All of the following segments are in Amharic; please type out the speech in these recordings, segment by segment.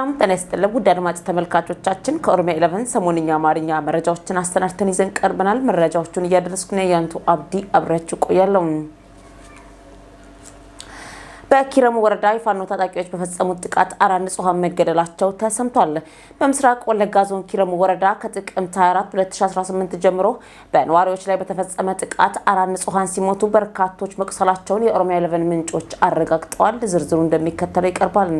ሰላም ጤና ይስጥልን ውድ አድማጭ ተመልካቾቻችን ከኦሮሚያ ኤለቨን ሰሞንኛ አማርኛ መረጃዎችን አሰናድተን ይዘን ቀርበናል። መረጃዎቹን እያደረስኩ ነው ያንቱ አብዲ አብሬያችሁ ቆያለሁ። በኪረሙ ወረዳ የፋኖ ታጣቂዎች በፈጸሙት ጥቃት አራት ንጹሐን መገደላቸው ተሰምቷል። በምስራቅ ወለጋ ዞን ኪረሙ ወረዳ ከጥቅምት 24 2018 ጀምሮ በነዋሪዎች ላይ በተፈጸመ ጥቃት አራት ንጹሐን ሲሞቱ በርካቶች መቁሰላቸውን የኦሮሚያ ኤለቨን ምንጮች አረጋግጠዋል። ዝርዝሩ እንደሚከተለው ይቀርባል።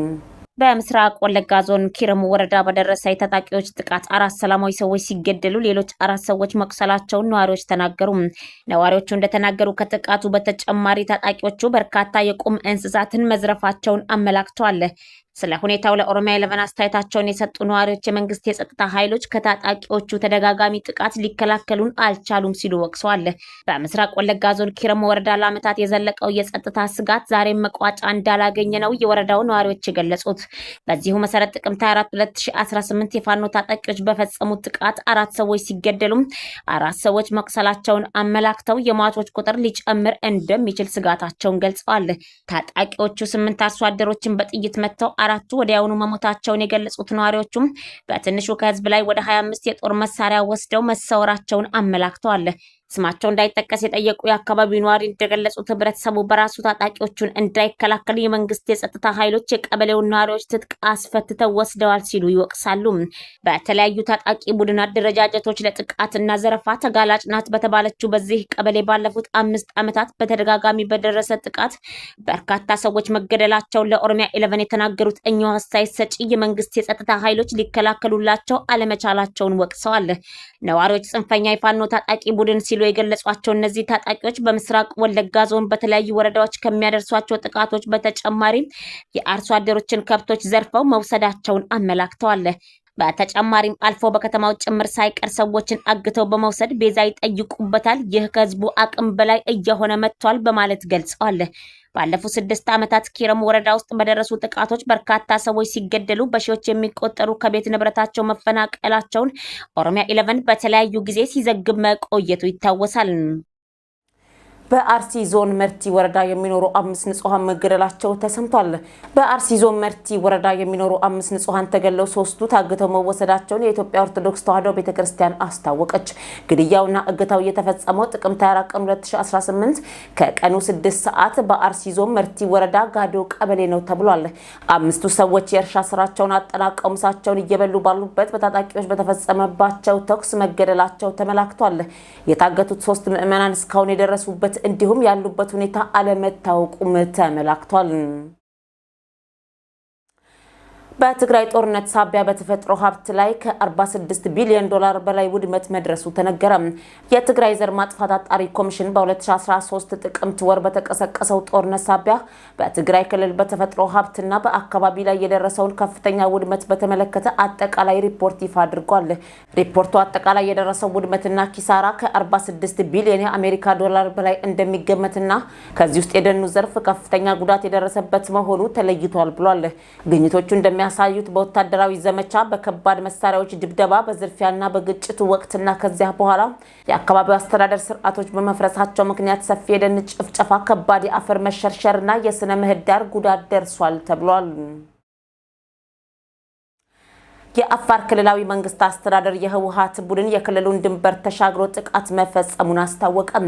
በምስራቅ ወለጋ ዞን ኪረሙ ወረዳ በደረሰ የታጣቂዎች ጥቃት አራት ሰላማዊ ሰዎች ሲገደሉ ሌሎች አራት ሰዎች መቁሰላቸውን ነዋሪዎች ተናገሩ። ነዋሪዎቹ እንደተናገሩ ከጥቃቱ በተጨማሪ ታጣቂዎቹ በርካታ የቁም እንስሳትን መዝረፋቸውን አመላክተዋል። ስለ ሁኔታው ለኦሮሚያ ኤሌቨን አስተያየታቸውን የሰጡ ነዋሪዎች የመንግስት የጸጥታ ኃይሎች ከታጣቂዎቹ ተደጋጋሚ ጥቃት ሊከላከሉን አልቻሉም ሲሉ ወቅሰዋል። በምስራቅ ወለጋ ዞን ኪረሙ ወረዳ ለአመታት የዘለቀው የጸጥታ ስጋት ዛሬም መቋጫ እንዳላገኘ ነው የወረዳው ነዋሪዎች የገለጹት። በዚሁ መሰረት ጥቅምት 24 2018 የፋኖ ታጣቂዎች በፈጸሙት ጥቃት አራት ሰዎች ሲገደሉም አራት ሰዎች መቁሰላቸውን አመላክተው የሟቾች ቁጥር ሊጨምር እንደሚችል ስጋታቸውን ገልጸዋል። ታጣቂዎቹ ስምንት አርሶ አደሮችን በጥይት መጥተው አራቱ ወዲያውኑ መሞታቸውን የገለጹት ነዋሪዎቹም በትንሹ ከህዝብ ላይ ወደ 25 የጦር መሳሪያ ወስደው መሰወራቸውን አመላክተዋል። ስማቸው እንዳይጠቀስ የጠየቁ የአካባቢው ነዋሪ እንደገለጹት ህብረተሰቡ በራሱ ታጣቂዎቹን እንዳይከላከል የመንግስት የጸጥታ ኃይሎች የቀበሌውን ነዋሪዎች ትጥቅ አስፈትተው ወስደዋል ሲሉ ይወቅሳሉ። በተለያዩ ታጣቂ ቡድን አደረጃጀቶች ለጥቃትና ዘረፋ ተጋላጭ ናት በተባለችው በዚህ ቀበሌ ባለፉት አምስት ዓመታት በተደጋጋሚ በደረሰ ጥቃት በርካታ ሰዎች መገደላቸውን ለኦሮሚያ ኤሌቨን የተናገሩት እኚሁ አስተያየት ሰጪ የመንግስት የጸጥታ ኃይሎች ሊከላከሉላቸው አለመቻላቸውን ወቅሰዋል። ነዋሪዎች ጽንፈኛ የፋኖ ታጣቂ ቡድን ሲሉ ሲሉ የገለጿቸው እነዚህ ታጣቂዎች በምስራቅ ወለጋ ዞን በተለያዩ ወረዳዎች ከሚያደርሷቸው ጥቃቶች በተጨማሪም የአርሶ አደሮችን ከብቶች ዘርፈው መውሰዳቸውን አመላክተዋል። በተጨማሪም አልፎ በከተማው ጭምር ሳይቀር ሰዎችን አግተው በመውሰድ ቤዛ ይጠይቁበታል። ይህ ከህዝቡ አቅም በላይ እየሆነ መጥቷል በማለት ገልጸዋል። ባለፉት ስድስት ዓመታት ኪረም ወረዳ ውስጥ በደረሱ ጥቃቶች በርካታ ሰዎች ሲገደሉ በሺዎች የሚቆጠሩ ከቤት ንብረታቸው መፈናቀላቸውን ኦሮሚያ ኢለቨን በተለያዩ ጊዜ ሲዘግብ መቆየቱ ይታወሳል። በአርሲ ዞን መርቲ ወረዳ የሚኖሩ አምስት ንጹሐን መገደላቸው ተሰምቷል። በአርሲ ዞን መርቲ ወረዳ የሚኖሩ አምስት ንጹሐን ተገለው ሶስቱ ታግተው መወሰዳቸውን የኢትዮጵያ ኦርቶዶክስ ተዋሕዶ ቤተ ክርስቲያን አስታወቀች። ግድያውና እገታው የተፈጸመው ጥቅምት 24 ቀን 2018 ከቀኑ 6 ሰዓት በአርሲ ዞን መርቲ ወረዳ ጋዶ ቀበሌ ነው ተብሏል። አምስቱ ሰዎች የእርሻ ስራቸውን አጠናቀው ምሳቸውን እየበሉ ባሉበት በታጣቂዎች በተፈጸመባቸው ተኩስ መገደላቸው ተመላክቷል። የታገቱት ሶስት ምዕመናን እስካሁን የደረሱበት እንዲሁም ያሉበት ሁኔታ አለመታወቁም ተመላክቷል። በትግራይ ጦርነት ሳቢያ በተፈጥሮ ሀብት ላይ ከ46 ቢሊዮን ዶላር በላይ ውድመት መድረሱ ተነገረ። የትግራይ ዘር ማጥፋት አጣሪ ኮሚሽን በ2013 ጥቅምት ወር በተቀሰቀሰው ጦርነት ሳቢያ በትግራይ ክልል በተፈጥሮ ሀብትና በአካባቢ ላይ የደረሰውን ከፍተኛ ውድመት በተመለከተ አጠቃላይ ሪፖርት ይፋ አድርጓል። ሪፖርቱ አጠቃላይ የደረሰው ውድመትና ኪሳራ ከ46 ቢሊዮን የአሜሪካ ዶላር በላይ እንደሚገመትና ከዚህ ውስጥ የደኑ ዘርፍ ከፍተኛ ጉዳት የደረሰበት መሆኑ ተለይቷል ብሏል። ግኝቶቹ እንደሚያ ያሳዩት በወታደራዊ ዘመቻ፣ በከባድ መሳሪያዎች ድብደባ፣ በዝርፊያና በግጭቱ ወቅትና ከዚያ በኋላ የአካባቢው አስተዳደር ስርዓቶች በመፍረሳቸው ምክንያት ሰፊ የደን ጭፍጨፋ፣ ከባድ የአፈር መሸርሸርና የስነ ምህዳር ጉዳት ደርሷል ተብሏል። የአፋር ክልላዊ መንግስት አስተዳደር የህወሀት ቡድን የክልሉን ድንበር ተሻግሮ ጥቃት መፈጸሙን አስታወቀም።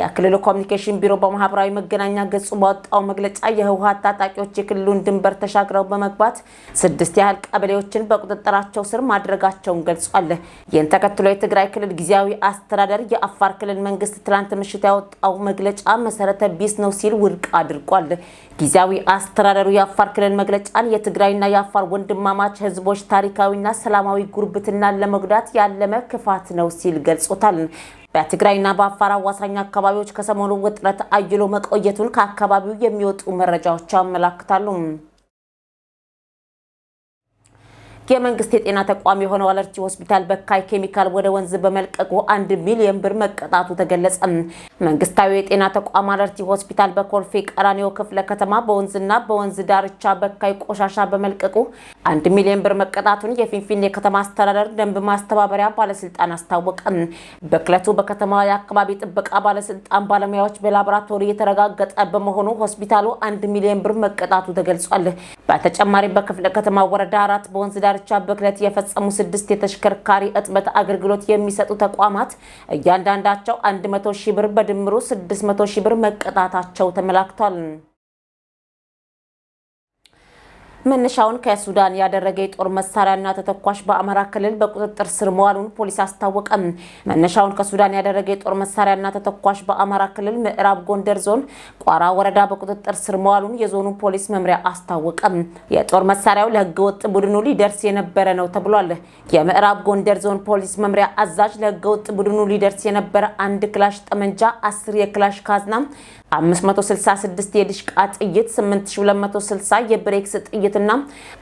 የክልሉ ኮሚኒኬሽን ቢሮ በማህበራዊ መገናኛ ገጹ ባወጣው መግለጫ የህወሀት ታጣቂዎች የክልሉን ድንበር ተሻግረው በመግባት ስድስት ያህል ቀበሌዎችን በቁጥጥራቸው ስር ማድረጋቸውን ገልጿል። ይህን ተከትሎ የትግራይ ክልል ጊዜያዊ አስተዳደር የአፋር ክልል መንግስት ትናንት ምሽት ያወጣው መግለጫ መሰረተ ቢስ ነው ሲል ውድቅ አድርጓል። ጊዜያዊ አስተዳደሩ የአፋር ክልል መግለጫን የትግራይና የአፋር ወንድማማች ህዝቦች ታሪካዊና ሰላማዊ ጉርብትናን ለመጉዳት ያለመ ክፋት ነው ሲል ገልጾታል። በትግራይና በአፋር አዋሳኝ አካባቢዎች ከሰሞኑ ውጥረት አይሎ መቆየቱን ከአካባቢው የሚወጡ መረጃዎች አመላክታሉ። የመንግስት የጤና ተቋም የሆነው አለርጂ ሆስፒታል በካይ ኬሚካል ወደ ወንዝ በመልቀቁ አንድ ሚሊዮን ብር መቀጣቱ ተገለጸ። መንግስታዊ የጤና ተቋም አለርጂ ሆስፒታል በኮልፌ ቀራኒዮ ክፍለ ከተማ በወንዝና በወንዝ ዳርቻ በካይ ቆሻሻ በመልቀቁ አንድ ሚሊዮን ብር መቀጣቱን የፊንፊኔ የከተማ አስተዳደር ደንብ ማስተባበሪያ ባለስልጣን አስታወቀ። በክለቱ በከተማ የአካባቢ ጥበቃ ባለስልጣን ባለሙያዎች በላቦራቶሪ የተረጋገጠ በመሆኑ ሆስፒታሉ አንድ ሚሊዮን ብር መቀጣቱ ተገልጿል። በተጨማሪም በክፍለ ከተማ ወረዳ አራት በወንዝ ዳርቻ ዳርቻ ብክነት የፈጸሙ ስድስት የተሽከርካሪ እጥበት አገልግሎት የሚሰጡ ተቋማት እያንዳንዳቸው 100 ሺህ ብር በድምሩ 600 ሺህ ብር መቀጣታቸው ተመላክቷል። መነሻውን ከሱዳን ያደረገ የጦር መሳሪያና ተተኳሽ በአማራ ክልል በቁጥጥር ስር መዋሉን ፖሊስ አስታወቀም። መነሻውን ከሱዳን ያደረገ የጦር መሳሪያና ተተኳሽ በአማራ ክልል ምዕራብ ጎንደር ዞን ቋራ ወረዳ በቁጥጥር ስር መዋሉን የዞኑ ፖሊስ መምሪያ አስታወቀም። የጦር መሳሪያው ለህገ ወጥ ቡድኑ ሊደርስ የነበረ ነው ተብሏል። የምዕራብ ጎንደር ዞን ፖሊስ መምሪያ አዛዥ ለህገ ወጥ ቡድኑ ሊደርስ የነበረ አንድ ክላሽ ጠመንጃ፣ አስር የክላሽ ካዝና 566 የዲሽቃ ጥይት፣ 8260 የብሬክስ ጥይትና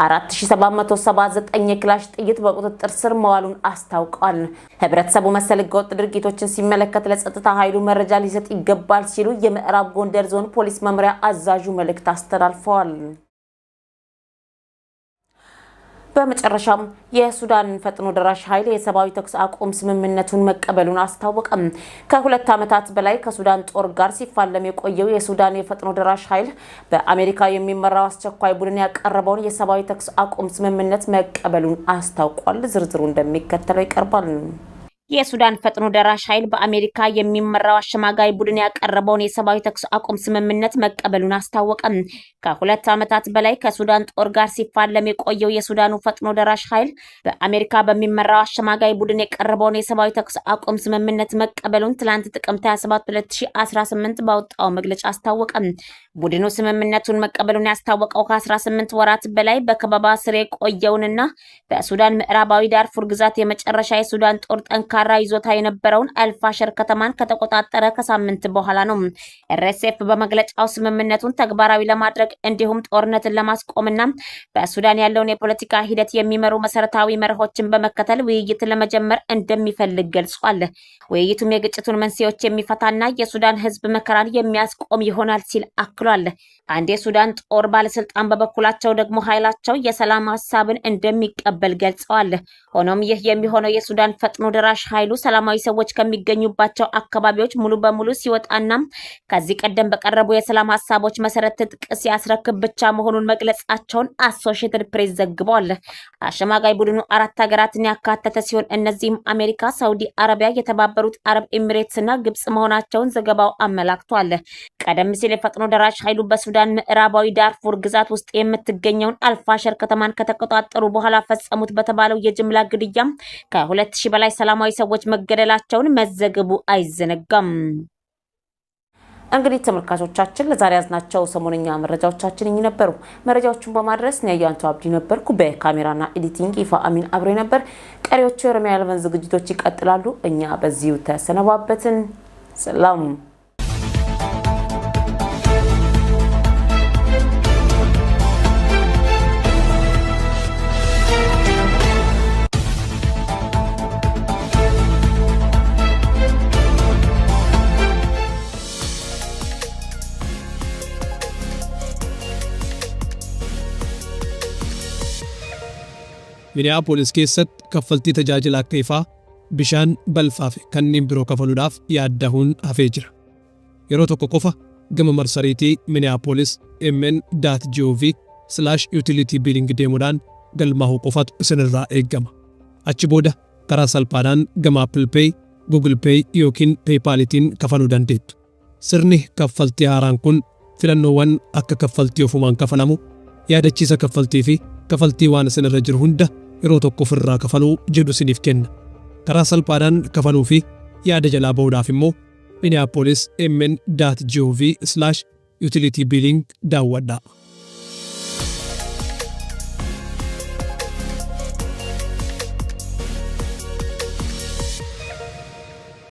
4779 የክላሽ ጥይት በቁጥጥር ስር መዋሉን አስታውቋል። ህብረተሰቡ መሰል ህገወጥ ድርጊቶችን ሲመለከት ለጸጥታ ኃይሉ መረጃ ሊሰጥ ይገባል ሲሉ የምዕራብ ጎንደር ዞን ፖሊስ መምሪያ አዛዡ መልእክት አስተላልፈዋል። በመጨረሻም የሱዳን ፈጥኖ ደራሽ ኃይል የሰብአዊ ተኩስ አቁም ስምምነቱን መቀበሉን አስታወቀም። ከሁለት ዓመታት በላይ ከሱዳን ጦር ጋር ሲፋለም የቆየው የሱዳን የፈጥኖ ደራሽ ኃይል በአሜሪካ የሚመራው አስቸኳይ ቡድን ያቀረበውን የሰብአዊ ተኩስ አቁም ስምምነት መቀበሉን አስታውቋል። ዝርዝሩ እንደሚከተለው ይቀርባል። የሱዳን ፈጥኖ ደራሽ ኃይል በአሜሪካ የሚመራው አሸማጋይ ቡድን ያቀረበውን የሰብአዊ ተኩስ አቁም ስምምነት መቀበሉን አስታወቀም። ከሁለት ዓመታት በላይ ከሱዳን ጦር ጋር ሲፋለም የቆየው የሱዳኑ ፈጥኖ ደራሽ ኃይል በአሜሪካ በሚመራው አሸማጋይ ቡድን የቀረበውን የሰብአዊ ተኩስ አቁም ስምምነት መቀበሉን ትላንት ጥቅምት 27 2018 ባወጣው መግለጫ አስታወቀም። ቡድኑ ስምምነቱን መቀበሉን ያስታወቀው ከ18 ወራት በላይ በከበባ ስር የቆየውንና በሱዳን ምዕራባዊ ዳርፉር ግዛት የመጨረሻ የሱዳን ጦር ጠንካ ጠንካራ ይዞታ የነበረውን አልፋሸር ከተማን ከተቆጣጠረ ከሳምንት በኋላ ነው። ኤርኤስኤፍ በመግለጫው ስምምነቱን ተግባራዊ ለማድረግ እንዲሁም ጦርነትን ለማስቆምና በሱዳን ያለውን የፖለቲካ ሂደት የሚመሩ መሰረታዊ መርሆችን በመከተል ውይይት ለመጀመር እንደሚፈልግ ገልጿል። ውይይቱም የግጭቱን መንስኤዎች የሚፈታና የሱዳን ሕዝብ መከራን የሚያስቆም ይሆናል ሲል አክሏል። አንድ የሱዳን ጦር ባለስልጣን በበኩላቸው ደግሞ ኃይላቸው የሰላም ሀሳብን እንደሚቀበል ገልጸዋል። ሆኖም ይህ የሚሆነው የሱዳን ፈጥኖ ደራሽ ኃይሉ ሰላማዊ ሰዎች ከሚገኙባቸው አካባቢዎች ሙሉ በሙሉ ሲወጣና ከዚህ ቀደም በቀረቡ የሰላም ሀሳቦች መሰረት ትጥቅ ሲያስረክብ ብቻ መሆኑን መግለጻቸውን አሶሽትድ ፕሬስ ዘግቧል። አሸማጋይ ቡድኑ አራት ሀገራትን ያካተተ ሲሆን እነዚህም አሜሪካ፣ ሳውዲ አረቢያ፣ የተባበሩት አረብ እና ግብጽ መሆናቸውን ዘገባው አመላክቷል። ቀደም ሲል የፈጥኖ ደራሽ ኃይሉ በሱዳን ምዕራባዊ ዳርፉር ግዛት ውስጥ የምትገኘውን አልፋሸር ከተማን ከተቆጣጠሩ በኋላ ፈጸሙት በተባለው የጅምላ ግድያ ከሁለት ሺህ በላይ ሰላማዊ ሰላማዊ ሰዎች መገደላቸውን መዘገቡ አይዘነጋም። እንግዲህ ተመልካቾቻችን ለዛሬ ያዝናቸው ሰሞነኛ መረጃዎቻችን እኚህ ነበሩ። መረጃዎቹን በማድረስ ኒያያንቱ አብዲ ነበርኩ። በካሜራና ኤዲቲንግ ይፋ አሚን አብሬ ነበር። ቀሪዎቹ የኦሮሚያ ኤሌቨን ዝግጅቶች ይቀጥላሉ። እኛ በዚሁ ተሰነባበትን። ሰላም Miniyaapolis keessatti kaffaltii tajaajila akka ifaa bishaan balfaa fi kanneen biroo kafaluudhaaf yaaddahuun hafee jira. Yeroo tokko qofa gama marsariitii Miniyaapolis mn.gov utilitii biilingi deemuudhaan galmaa'uu qofaatu irraa eegama. Achi booda karaa salphaadhaan gama Apple Pay, Google Pay yookiin PayPaalitiin kafaluu dandeettu. Sirni kaffaltii haaraan kun filannoowwan akka kaffaltii ofumaan kafalamu, yaadachiisa kaffaltii fi kaffaltii waan isinirra jiru hunda yeroo tokko irraa kafaluu jedhu siniif kenna. Karaa salphaadhaan kafaluu fi yaada jalaa bahuudhaaf immoo minneapolis mn.gov/utility billing daawwadhaa.